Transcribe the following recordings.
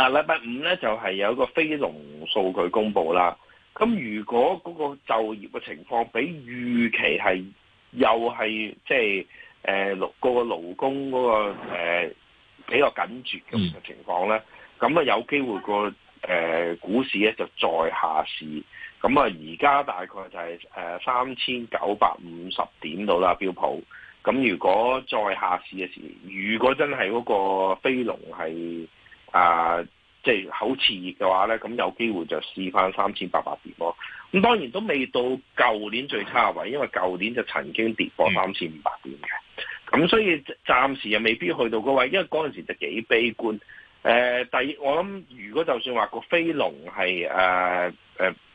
嗱，禮拜、啊、五咧就係、是、有一個非農數據公布啦。咁如果嗰個就業嘅情況比預期係又係即係誒勞個個勞工嗰、那個、呃、比較緊絕咁嘅情況咧，咁啊有機會、那個誒、呃、股市咧就再下市。咁啊而家大概就係誒三千九百五十點到啦，標普。咁如果再下市嘅時，如果真係嗰個非農係。啊，即係好熾熱嘅話呢，咁有機會就試翻三千八百點咯。咁當然都未到舊年最差位，因為舊年就曾經跌破三千五百點嘅。咁所以暫時又未必去到嗰位，因為嗰陣時就幾悲觀。誒、呃，第二我諗如果就算話個非農係誒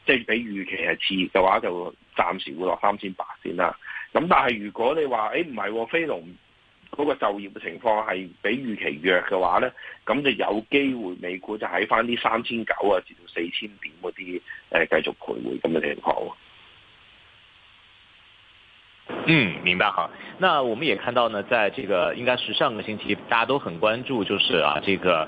即係比預期係熾熱嘅話，就暫時會落三千八先啦。咁但係如果你話，誒唔係喎非農。嗰個就業嘅情況係比預期弱嘅話咧，咁就有機會美股就喺返啲三千九啊，至到四千點嗰啲誒繼續徘徊咁嘅情況。嗯，明白哈。那我們也看到呢，在這個應該是上個星期大家都很關注，就是啊，這個。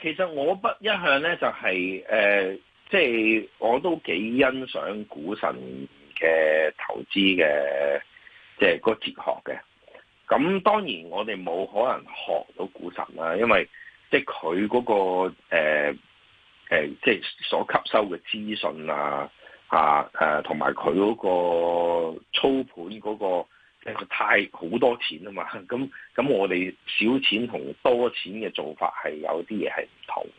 其實我不一向咧就係、是、誒，即、呃、係、就是、我都幾欣賞股神嘅投資嘅，即係嗰哲學嘅。咁當然我哋冇可能學到股神啦，因為即係佢嗰個誒即、呃呃就是、所吸收嘅資訊啊，嚇、啊、誒，同埋佢嗰個操盤嗰、那個。太好多錢啊嘛，咁咁我哋少錢同多錢嘅做法係有啲嘢係唔同嘅。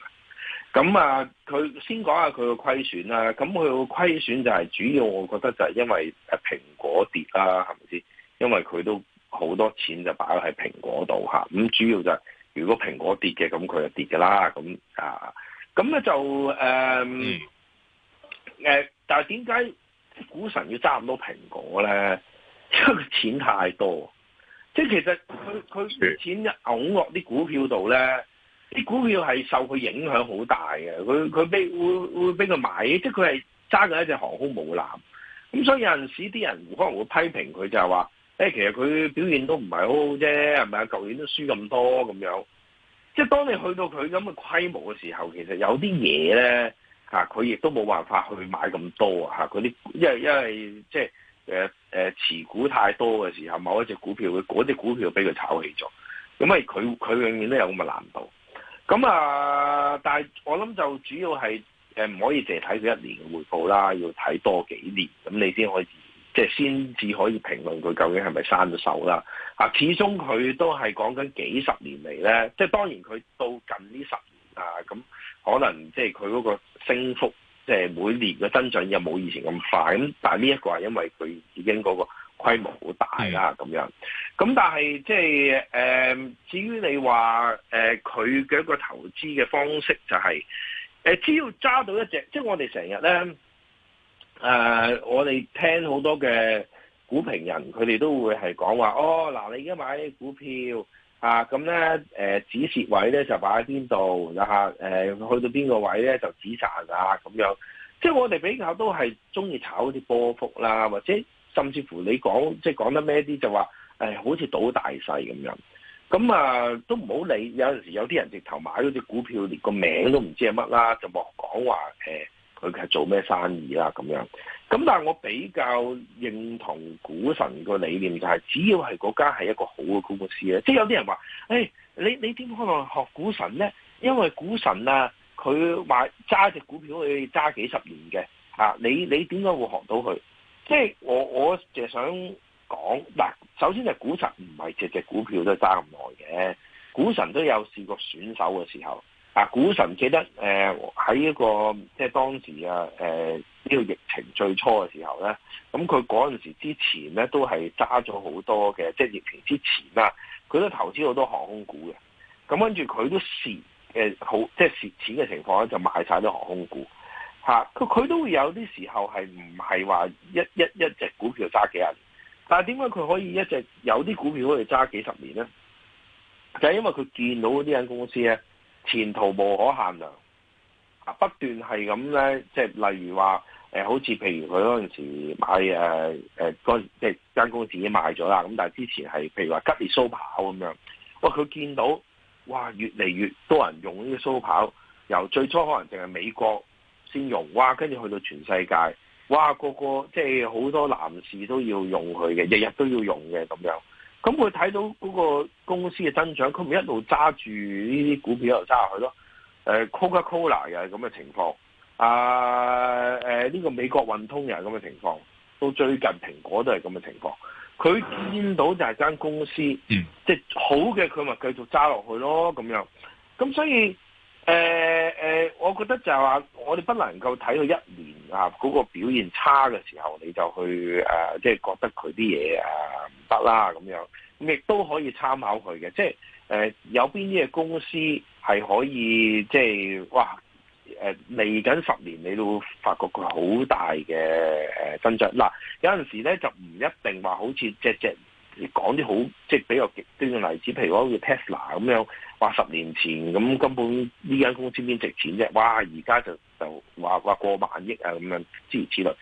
咁啊，佢先講下佢嘅虧損啦、啊。咁佢個虧損就係主要，我覺得就係因為蘋果跌啦、啊，係咪先？因為佢都好多錢就擺喺蘋果度嚇。咁、啊、主要就係如果蘋果跌嘅，咁佢就跌㗎啦。咁啊，咁咧就誒、嗯啊、但係點解股神要揸咁多蘋果咧？因為錢太多，即係其實佢佢錢拱落啲股票度咧，啲股票係受佢影響好大嘅。佢佢俾會會俾佢買，即係佢係揸緊一隻航空母艦。咁所以有陣時啲人可能會批評佢就係話，誒、欸，其實佢表現都唔係好好啫，係咪啊？舊年都輸咁多咁樣。即係當你去到佢咁嘅規模嘅時候，其實有啲嘢咧吓，佢、啊、亦都冇辦法去買咁多啊吓。啲因為因為即係誒。呃誒持股太多嘅時候，某一隻股票嘅嗰隻股票俾佢炒起咗，咁啊佢佢永遠都有咁嘅難度。咁啊，但係我諗就主要係唔可以淨係睇佢一年嘅回報啦，要睇多幾年，咁你先可以即係、就是、先至可以評論佢究竟係咪生咗手啦。啊，始終佢都係講緊幾十年嚟咧，即係當然佢到近呢十年啊，咁可能即係佢嗰個升幅。即係每年嘅增長又冇以前咁快，咁但係呢一個係因為佢已經嗰個規模好大啦，咁樣。咁但係即係誒，至於你話誒，佢、呃、嘅一個投資嘅方式就係、是、誒、呃，只要揸到一隻，即係我哋成日咧誒，我哋聽好多嘅股評人，佢哋都會係講話，哦嗱，你而家買啲股票。啊，咁咧，誒，止蝕位咧就擺喺邊度啊、呃？去到邊個位咧就止賺啊，咁樣。即係我哋比較都係中意炒啲波幅啦，或者甚至乎你講即係講得咩啲就話、哎、好似賭大細咁樣。咁、嗯、啊，都唔好理。有陣時有啲人直頭買咗隻股票，連個名都唔知係乜啦，就莫講話佢係做咩生意啦、啊？咁樣咁，但係我比較認同股神個理念就係、是，只要係嗰間係一個好嘅公司咧。即、就、係、是、有啲人話，誒、哎，你你點可能學股神咧？因為股神啊，佢話揸隻股票去揸幾十年嘅嚇，你你點解會學到佢？即、就、係、是、我我就想講，嗱，首先就股神唔係隻隻股票都揸咁耐嘅，股神都有試過損手嘅時候。啊！股神記得誒，喺、呃、一個即係當時啊、誒呢個疫情最初嘅時候咧，咁佢嗰陣時之前咧都係揸咗好多嘅，即係疫情之前啦，佢都投資好多航空股嘅。咁跟住佢都蝕誒、呃，好即係蝕錢嘅情況咧，就賣晒啲航空股嚇。佢、啊、佢都會有啲時候係唔係話一一一隻股票揸幾年，但係點解佢可以一隻有啲股票可以揸幾十年咧？就係、是、因為佢見到嗰啲間公司咧。前途無可限量啊！不斷係咁咧，即係例如話誒，好似譬如佢嗰陣時買誒誒嗰陣即係間公司已經賣咗啦。咁但係之前係譬如話吉列鬚刨咁樣，哇！佢見到哇，越嚟越多人用呢個鬚刨，由最初可能淨係美國先用哇，跟住去到全世界哇，個個即係好多男士都要用佢嘅，日日都要用嘅咁樣。咁佢睇到嗰個公司嘅增長，佢咪一路揸住呢啲股票一路揸落去咯。呃、Coca-Cola 又係咁嘅情況，啊、呃、呢、呃這個美國運通又係咁嘅情況，到最近蘋果都係咁嘅情況。佢見到就係間公司，即係、嗯、好嘅，佢咪繼續揸落去咯咁樣。咁所以、呃呃、我覺得就係話，我哋不能夠睇佢一年。嗱，嗰、啊那個表現差嘅時候，你就去誒，即、啊、係、就是、覺得佢啲嘢誒唔得啦咁樣，咁亦都可以參考佢嘅，即係誒、呃、有邊啲嘅公司係可以即係哇，誒嚟緊十年你都發覺佢好大嘅誒、啊、增長。嗱、啊，有陣時咧就唔一定話好似只只講啲好即係比較極端嘅例子，譬如講好似 Tesla 咁樣。八十年前咁，根本呢間公司邊值錢啫？哇！而家就就話話過萬億啊，咁樣諸如此類。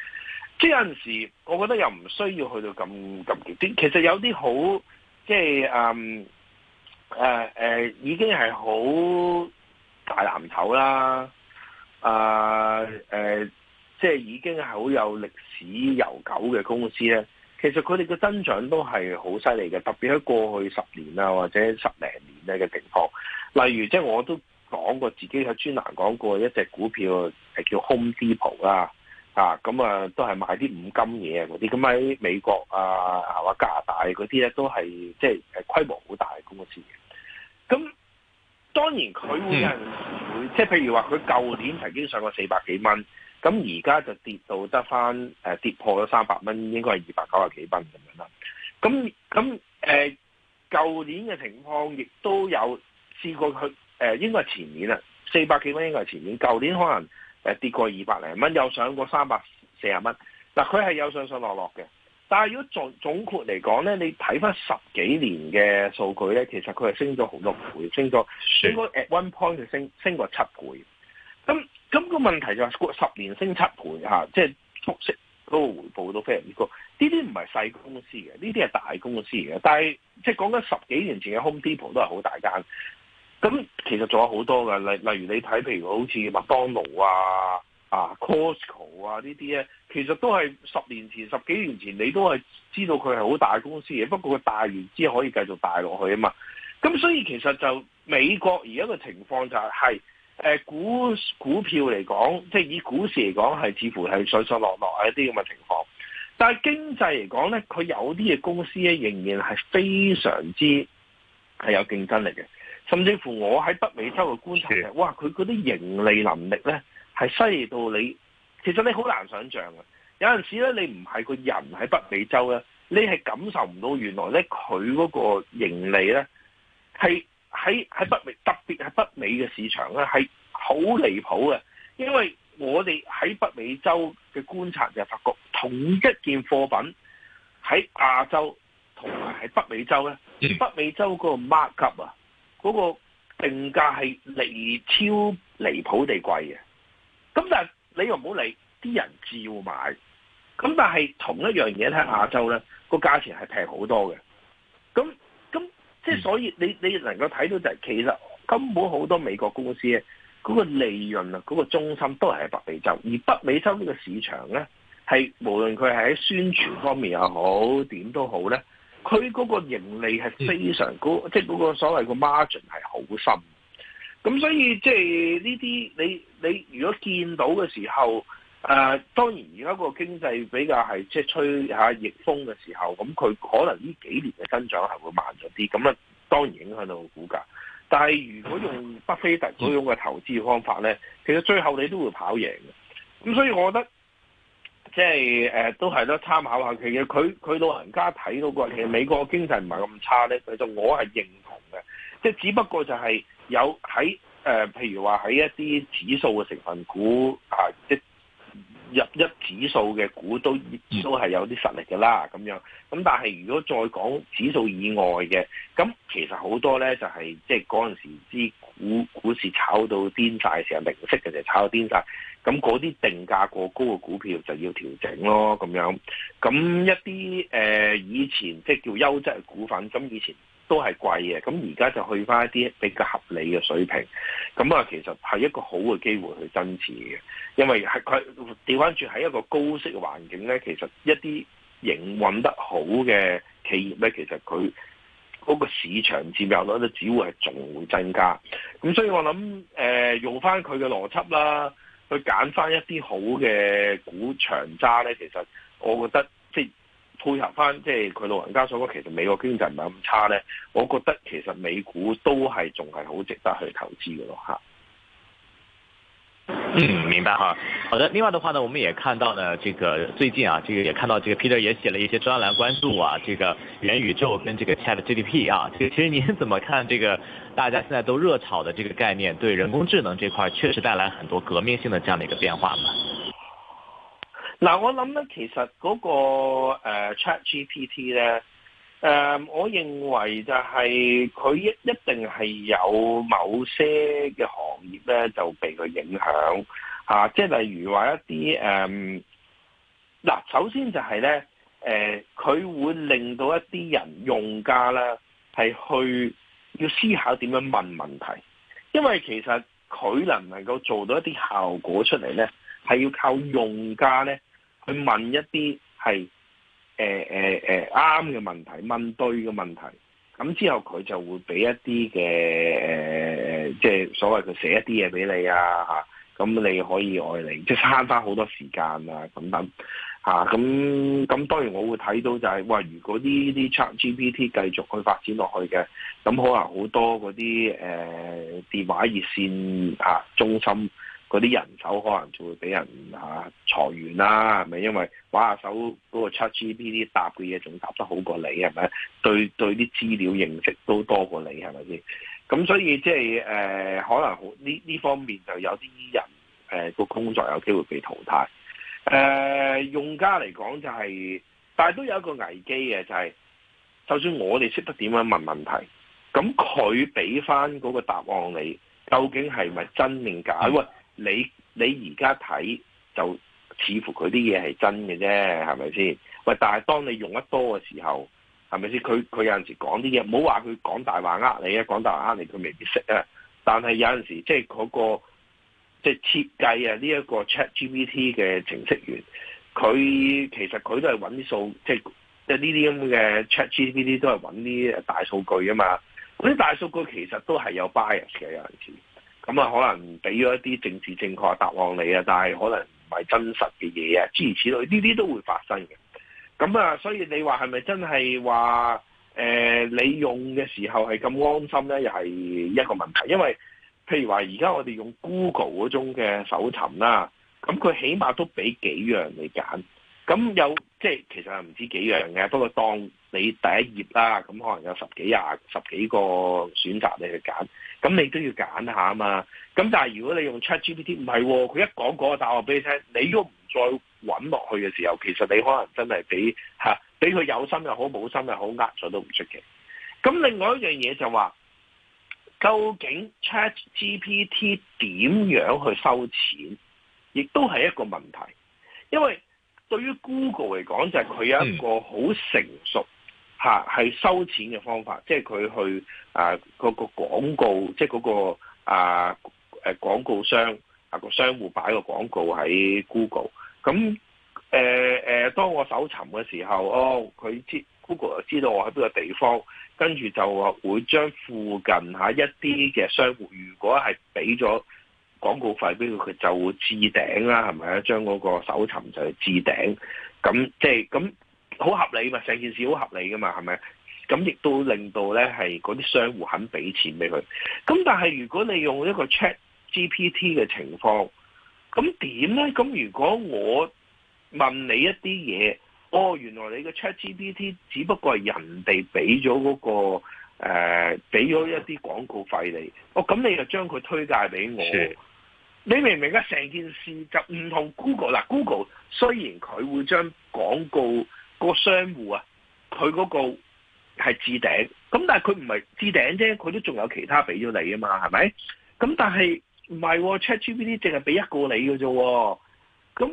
即係有陣時，我覺得又唔需要去到咁咁極端。其實有啲好即係嗯、呃呃、已經係好大藍籌啦。啊、呃呃、即係已經係好有歷史悠久嘅公司咧。其實佢哋嘅增長都係好犀利嘅，特別喺過去十年啊，或者十零年。嘅情況，例如即係我都講過，自己喺專欄講過一隻股票係叫 Home Depot 啦、啊，啊咁啊都係買啲五金嘢嗰啲，咁喺美國啊啊或者加拿大嗰啲咧都係即係誒規模好大嘅公司嘅，咁當然佢會有人會，時即係譬如話佢舊年曾經上過四百幾蚊，咁而家就跌到得返誒跌破咗三百蚊，應該係二百九十幾蚊咁樣啦，咁咁誒。舊年嘅情況亦都有試過去，誒、呃、應該係前年啊，四百幾蚊應該係前年。舊年，年可能誒跌過二百零蚊，又上過三百四十蚊。嗱，佢係有上上落落嘅。但係如果總總括嚟講咧，你睇翻十幾年嘅數據咧，其實佢係升咗好多倍，升咗應該 at one point 係升升過七倍。咁咁、那個問題就係、是、十年升七倍嚇，即係唔止。嗰個回報都非常之高，呢啲唔係細公司嘅，呢啲係大公司嘅。但係即係講緊十幾年前嘅 Home Depot 都係好大間，咁其實仲有好多嘅，例例如你睇，譬如好似麥當勞啊、啊 Costco 啊呢啲咧，其實都係十年前、十幾年前你都係知道佢係好大公司嘅。不過佢大完之後可以繼續大落去啊嘛。咁所以其實就美國而家嘅情況就係、是。是誒股股票嚟講，即係以股市嚟講，係似乎係上上落落一啲咁嘅情況。但係經濟嚟講咧，佢有啲嘅公司咧，仍然係非常之係有競爭力嘅。甚至乎我喺北美洲嘅觀察，的哇！佢嗰啲盈利能力咧係犀利到你，其實你好難想像嘅。有陣時咧，你唔係個人喺北美洲咧，你係感受唔到原來咧佢嗰個盈利咧係。喺喺北美特別喺北美嘅市場咧，係好離譜嘅，因為我哋喺北美洲嘅觀察就係發覺，同一件貨品喺亞洲同埋喺北美洲咧，嗯、北美洲嗰個 mark up 啊，嗰個定價係離超離譜地貴嘅。咁但係你又唔好理，啲人照買。咁但係同一樣嘢喺亞洲咧，個價錢係平好多嘅。咁即係、嗯、所以你，你你能夠睇到就係其實根本好多美國公司咧，嗰個利潤啊，嗰個中心都係喺北美洲，而北美洲呢個市場咧，係無論佢係喺宣傳方面又好，點都好咧，佢嗰個盈利係非常高，即係嗰個所謂個 margin 係好深。咁所以即係呢啲，你你如果見到嘅時候。誒、呃、當然而家個經濟比較係即係吹下逆風嘅時候，咁、嗯、佢可能呢幾年嘅增長係會慢咗啲。咁咧當然影響到個股價。但係如果用巴菲特嗰種嘅投資方法咧，其實最後你都會跑贏嘅。咁所以我覺得即係誒、呃、都係咯，參考下其實。佢佢老人家睇到個其實美國經濟唔係咁差咧，其實我係認同嘅。即係只不過就係有喺誒、呃，譬如話喺一啲指數嘅成分股啊、呃，即入一指數嘅股都都係有啲實力㗎啦，咁樣。咁但係如果再講指數以外嘅，咁其實好多咧就係即係嗰陣時啲股股市炒到癲曬嘅時候，零息嘅就炒到癲曬。咁嗰啲定價過高嘅股票就要調整咯，咁樣。咁一啲誒、呃、以前即係、就是、叫優質嘅股份，咁以前。都係貴嘅，咁而家就去翻一啲比較合理嘅水平，咁啊其實係一個好嘅機會去增持嘅，因為係佢掉翻轉喺一個高息環境咧，其實一啲營運，運得好嘅企業咧，其實佢嗰個市場佔有率咧，只會係仲會增加，咁所以我諗、呃、用翻佢嘅邏輯啦，去揀翻一啲好嘅股長揸咧，其實我覺得。配合翻，即係佢老人家所講，其實美國經濟唔係咁差呢，我覺得其實美股都係仲係好值得去投資嘅咯，吓。嗯，明白哈。好的，另外的話呢，我們也看到呢，這個最近啊，這個也看到這個 Peter 也寫了一些專欄，關注啊，這個元宇宙跟這個 ChatGPT 啊。這個其實您怎麼看這個大家現在都熱炒的這個概念，對人工智能這塊確實帶來很多革命性的這樣的一個變化嗎？嗱、呃，我諗咧，其實嗰、那個誒 ChatGPT 咧，誒、呃呃，我認為就係佢一一定係有某些嘅行業咧，就被佢影響吓、啊，即係例如話一啲誒，嗱、嗯呃，首先就係咧，誒、呃，佢會令到一啲人用家咧係去要思考點樣問問題，因為其實佢能唔能夠做到一啲效果出嚟咧，係要靠用家咧。去問一啲係誒誒啱嘅問題，問對嘅問題，咁之後佢就會俾一啲嘅、呃、即係所謂佢寫一啲嘢俾你啊，咁、啊、你可以愛嚟，即係慳翻好多時間啊，咁等咁咁當然我會睇到就係、是，哇！如果呢啲 ChatGPT 繼續去發展落去嘅，咁可能好多嗰啲誒電話熱線啊中心。嗰啲人手可能就會俾人嚇、啊、裁員啦、啊，係咪？因為玩下手嗰個 ChatGPT 啲答嘅嘢，仲答得好過你係咪？對對啲資料認識都多過你係咪先？咁所以即係誒、呃，可能呢呢方面就有啲人誒個、呃、工作有機會被淘汰。誒、呃，用家嚟講就係、是，但係都有一個危機嘅、就是，就係就算我哋識得點樣問問題，咁佢俾翻嗰個答案你，究竟係咪真定假？嗯你你而家睇就似乎佢啲嘢係真嘅啫，係咪先？喂，但係當你用得多嘅時候，係咪先？佢佢有陣時講啲嘢，唔好話佢講大話呃你啊，講大話呃你，佢未必識啊。但係有陣時，即係嗰個即係設計啊，呢一個 ChatGPT 嘅程式員，佢其實佢都係揾啲數，即係即係呢啲咁嘅 ChatGPT 都係揾啲大數據啊嘛。嗰啲大數據其實都係有 bias 嘅有陣時。咁啊、嗯，可能俾咗一啲政治正確答案你啊，但係可能唔係真實嘅嘢啊，諸如此類，呢啲都會發生嘅。咁、嗯、啊，所以你話係咪真係話誒你用嘅時候係咁安心咧？又係一個問題，因為譬如話而家我哋用 Google 嗰種嘅搜尋啦，咁、嗯、佢起碼都俾幾樣你揀，咁、嗯、有即係其實唔知幾樣嘅，不過當。你第一頁啦，咁可能有十幾廿十,十幾個選擇你去揀，咁你都要揀下啊嘛。咁但係如果你用 ChatGPT，唔係佢一講講、嗰個，答案俾你聽，你都唔再揾落去嘅時候，其實你可能真係俾吓俾佢有心又好，冇心又好，呃咗都唔出奇。咁另外一樣嘢就話，究竟 ChatGPT 點樣去收錢，亦都係一個問題，因為對於 Google 嚟講，就係、是、佢有一個好成熟。係收錢嘅方法，即係佢去啊嗰個廣告，即係嗰個啊誒廣告商啊個商戶擺個廣告喺 Google，咁誒誒，當我搜尋嘅時候，哦佢知 Google 就知道我喺邊個地方，跟住就會將附近下一啲嘅商戶，如果係俾咗廣告費俾佢，佢就會置頂啦，係咪啊？將嗰個搜尋就係置頂，咁即係咁。好合理嘛，成件事好合理噶嘛，係咪？咁亦都令到咧，係嗰啲商戶肯俾錢俾佢。咁但係如果你用一個 Chat GPT 嘅情況，咁點咧？咁如果我問你一啲嘢，哦，原來你嘅 Chat GPT 只不過係人哋俾咗嗰個誒，俾、呃、咗一啲廣告費你。哦，咁你就將佢推介俾我。是你明唔明啊？成件事就唔同 Google 嗱，Google 雖然佢會將廣告。個商戶啊，佢嗰個係置頂的，咁但係佢唔係置頂啫，佢都仲有其他俾咗你啊嘛，係咪？咁但係唔係、哦、ChatGPT 淨係俾一個你嘅啫、哦，咁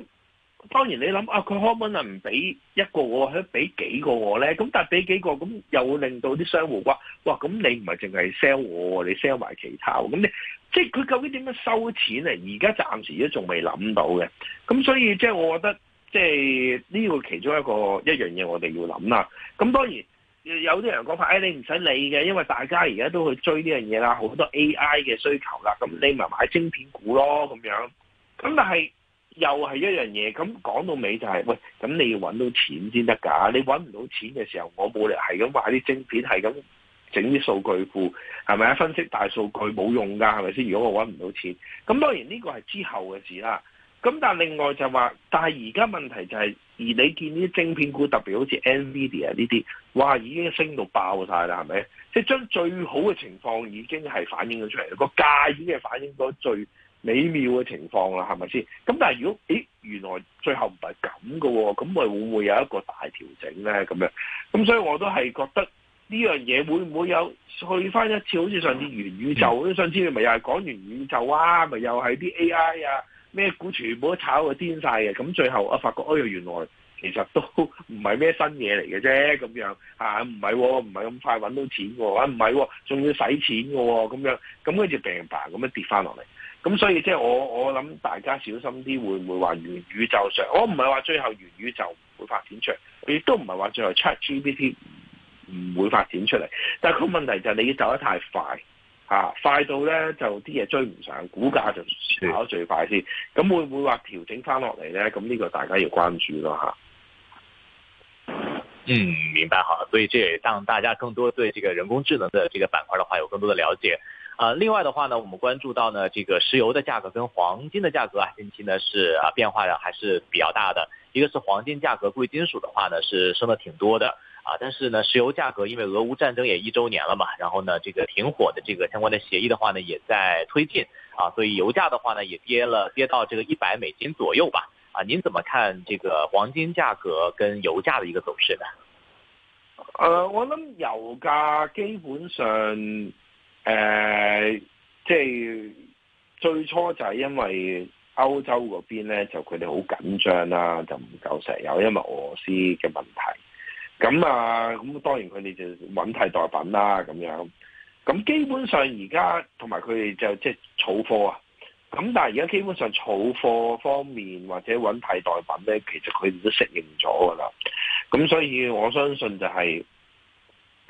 當然你諗啊，佢可能唔俾一個我，佢俾幾個我咧？咁但係俾幾個，咁又會令到啲商戶話，哇，咁你唔係淨係 sell 我喎，你 sell 埋其他喎？咁你即係佢究竟點樣收錢咧？而家暫時都仲未諗到嘅，咁所以即係我覺得。即係呢、這個其中一個一樣嘢，我哋要諗啦。咁當然有啲人講法，誒、哎、你唔使理嘅，因為大家而家都去追呢樣嘢啦，好多 AI 嘅需求啦。咁你咪買晶片股咯，咁樣。咁但係又係一樣嘢。咁講到尾就係、是，喂，咁你要揾到錢先得㗎。你揾唔到錢嘅時候，我冇理由係咁買啲晶片，係咁整啲數據庫，係咪啊？分析大數據冇用㗎，係咪先？如果我揾唔到錢，咁當然呢、這個係之後嘅事啦。咁但係另外就話，但係而家問題就係、是，而你見啲晶片股特別好似 Nvidia 呢啲，哇已經升到爆晒啦，係咪？即係將最好嘅情況已經係反映咗出嚟，個價已經係反映咗最美妙嘅情況啦，係咪先？咁但係如果，咦，原來最後唔係咁㗎喎，咁咪會唔會有一個大調整咧？咁樣，咁所以我都係覺得呢樣嘢會唔會有去翻一次？好似上次元宇宙，嗯、上次咪又係講元宇宙啊，咪又係啲 AI 啊？咩股全部都炒到癲晒嘅，咁最後我發覺，哎，原來其實都唔係咩新嘢嚟嘅啫，咁樣吓，唔、啊、係，唔係咁快搵到錢喎、哦，唔、啊、係，仲、哦、要使錢嘅、哦，咁樣，咁跟住病發咁樣跌翻落嚟，咁所以即係、就是、我我諗大家小心啲，會唔會話元宇宙上，我唔係話最後元宇宙唔會發展出嚟，亦都唔係話最後 ChatGPT 唔會發展出嚟，但係個問題就係你要走得太快。啊，快到呢，就啲嘢追唔上，股價就跑最快先，咁是會唔會話調整翻落嚟呢？咁呢個大家要關注咯吓，嗯，明白哈，所以這也、個、讓大家更多對這個人工智能的這個板塊的話有更多的了解。啊，另外的話呢，我們關注到呢這個石油的價格跟黃金的價格啊，近期呢是啊變化的還是比較大的，一個是黃金價格，貴金屬的話呢是升得挺多的。啊，但是呢，石油價格因為俄烏戰爭也一周年了嘛，然後呢，這個停火的這個相關的協議的話呢，也在推進，啊，所以油價的話呢，也跌了跌到這個一百美金左右吧，啊，您怎麼看這個黃金價格跟油價的一個走勢呢？呃，我諗油價基本上，誒，即係最初就係因為歐洲嗰邊咧，就佢哋好緊張啦，就唔夠石油，因為俄羅斯嘅問題。咁啊，咁當然佢哋就揾替代品啦，咁樣。咁基本上而家同埋佢哋就即係儲貨啊。咁但係而家基本上儲貨方面或者揾替代品咧，其實佢哋都適應咗㗎啦。咁所以我相信就係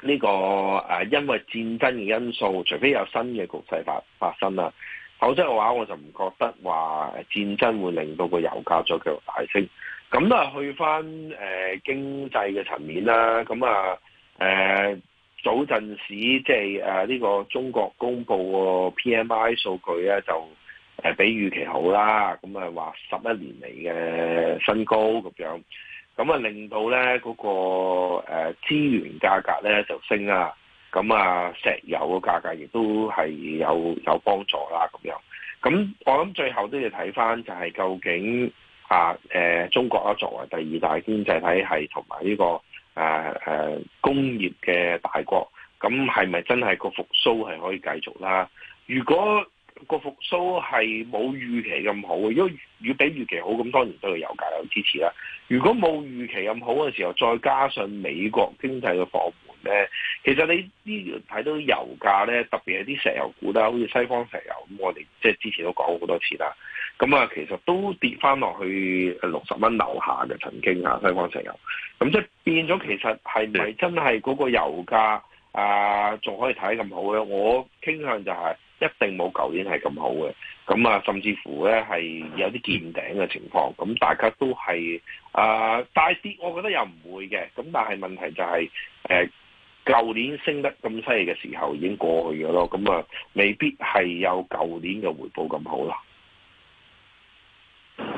呢個誒，因為戰爭嘅因素，除非有新嘅局勢發發生啦，否則嘅話，我就唔覺得話戰爭會令到個油價再繼續大升。咁啊，去翻誒、呃、經濟嘅層面啦，咁啊誒早陣時即係誒呢個中國公布個 PMI 數據咧，就比預期好啦，咁啊話十一年嚟嘅新高咁樣，咁啊令到咧嗰、那個誒、呃、資源價格咧就升啦，咁啊石油嘅價格亦都係有有幫助啦咁樣，咁我諗最後都要睇翻就係究竟。啊、呃，中國啦作為第二大經濟體，係同埋呢個誒誒、啊啊、工業嘅大國，咁係咪真係個復甦係可以繼續啦？如果個復甦係冇預期咁好，因為要比預期好，咁當然都對個油價有支持啦。如果冇預期咁好嘅時候，再加上美國經濟嘅放緩咧，其實你呢睇到油價咧，特別係啲石油股啦，好似西方石油咁，我哋即係之前都講過好多次啦。咁啊，其實都跌翻落去六十蚊樓下嘅曾經啊，西方石油。咁即係變咗，其實係咪真係嗰個油價啊，仲、呃、可以睇咁好咧？我傾向就係一定冇舊年係咁好嘅。咁啊，甚至乎咧係有啲見頂嘅情況。咁大家都係啊，大、呃、跌，我覺得又唔會嘅。咁但係問題就係、是、誒，舊、呃、年升得咁犀利嘅時候已經過去嘅咯。咁啊，未必係有舊年嘅回報咁好啦。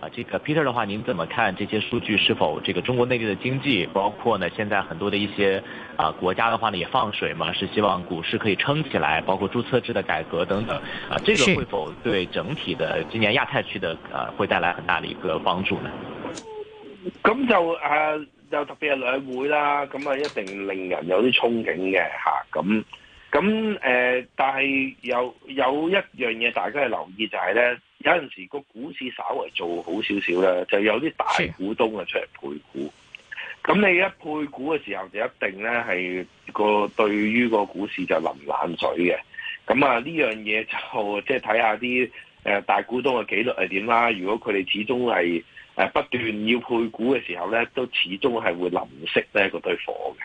啊，這個 Peter 的話，您怎麼看這些數據是否這個中國內地的經濟，包括呢現在很多的一些啊國家的話呢也放水嘛，是希望股市可以撐起來，包括註冊制的改革等等，啊，這個會否對整體的今年亞太區的呃、啊、會帶來很大的一個幫助呢？咁就啊，就特別係兩會啦，咁啊一定令人有啲憧憬嘅吓，咁、啊。咁誒、呃，但係又有，有一樣嘢大家係留意就係、是、咧，有陣時個股市稍微做好少少咧，就有啲大股東啊出嚟配股。咁的你一配股嘅時候就一定咧係個對於個股市就淋冷水嘅。咁啊呢樣嘢就即係睇下啲誒大股東嘅紀律係點啦。如果佢哋始終係誒不斷要配股嘅時候咧，都始終係會淋熄咧嗰堆火嘅。